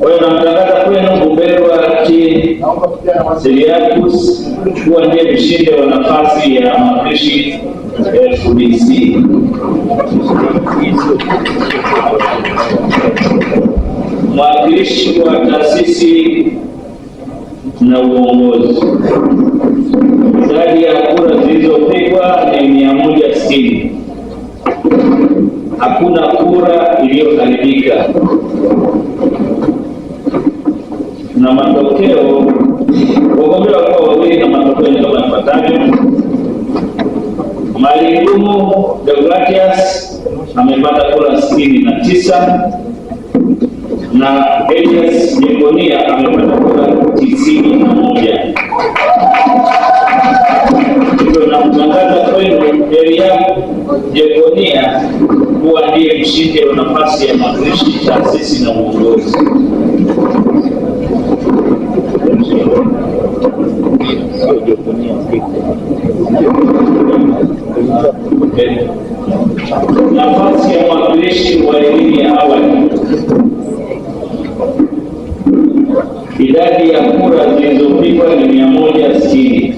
Kwa hiyo namtangaza kwenu mgombea wa kiti kuwa ndiye mshindi wa nafasi ya mapishi FDC. Mwakilishi wa taasisi na uongozi, idadi ya kura zilizopigwa ni mia moja sitini. Hakuna kura iliyoharibika na matokeo. Wagombea walikuwa wawili na matokeo ni kama ifuatavyo: Maligumu Deogratias amepata kura sitini na tisa na Elias Jekonia amepata kura tisini na moja. Hivyo nakutangaza kwenu Elias Jekonia kuwa ndiye mshindi wa nafasi ya mwakilishi taasisi na uongozi. kujivunia siku nafasi ya wawakilishi wa elimu ya awali. Idadi ya kura zilizopigwa ni mia moja sitini.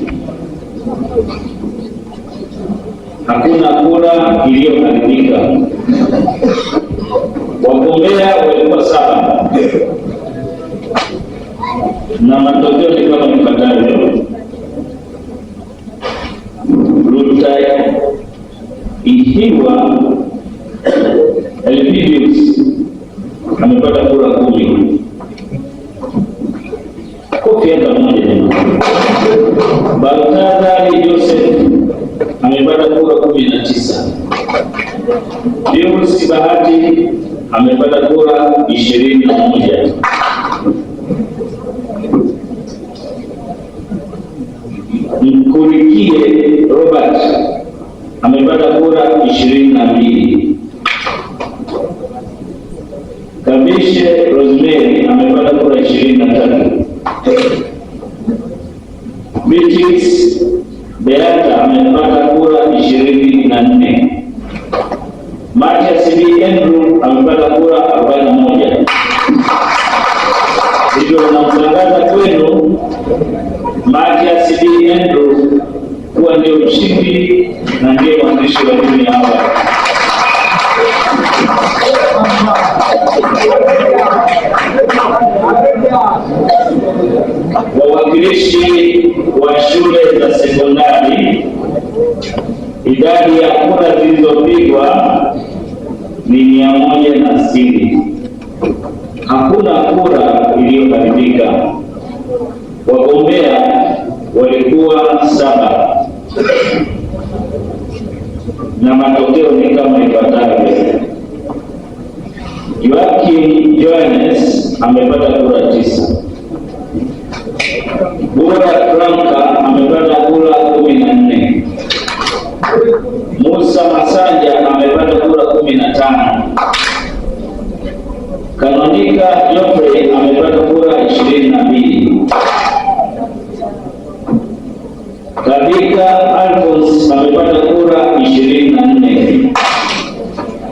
Hakuna kura iliyoharibika. Wagombea walikuwa saba na matokeo amepata kura kumi. Kofi hapa moja jamani. Baltadha Joseph amepata kura kumi na tisa. Deus Bahati amepata kura ishirini na moja. Mkurikie Robert amepata kura ishirini na Mrishe Rosemary amepata kura ishirini na tatu. Beatrix Beata amepata kura ishirini na nne. Marcia Sibi Andrew amepata kura arobaini na moja. Hivyo namtangaza kwenu Marcia Sibi Andrew kuwa ndio mshindi na ndiye mwandishi wa dini hapa. Idadi ya kura zilizopigwa ni mia moja na sitini. Hakuna kura iliyoharibika. Wagombea walikuwa saba na matokeo ni kama ifuatavyo: Joakim Johannes amepata kura tisa. bura Franka katika yote amepata kura ishirini na mbili. Katika Alfons amepata kura ishirini na nne.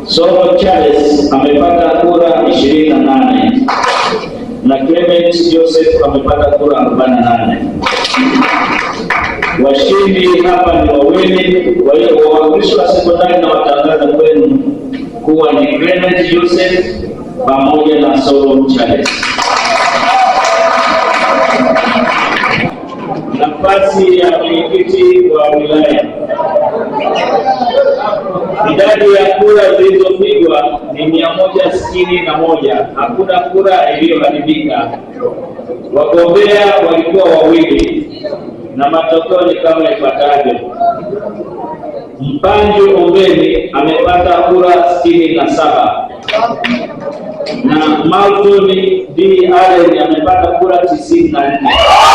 Soro Charles amepata kura ishirini na nane na Clement Joseph amepata kura arobaini na nane. Washindi hapa ni wawili. Kwa hiyo wawakilishi wa sekondari na watangaza kwenu kuwa ni Clement Joseph pamoja na Solomon Charles. Nafasi ya mwenyekiti wa wilaya. Idadi ya kura zilizopigwa ni mia moja sitini na moja. Hakuna kura iliyoharibika. Wagombea walikuwa wawili na matokeo ni kama ifuatavyo: Mpanju Ombeni amepata kura sitini na saba. Malcolm D. Allen amepata kura tisini na nne.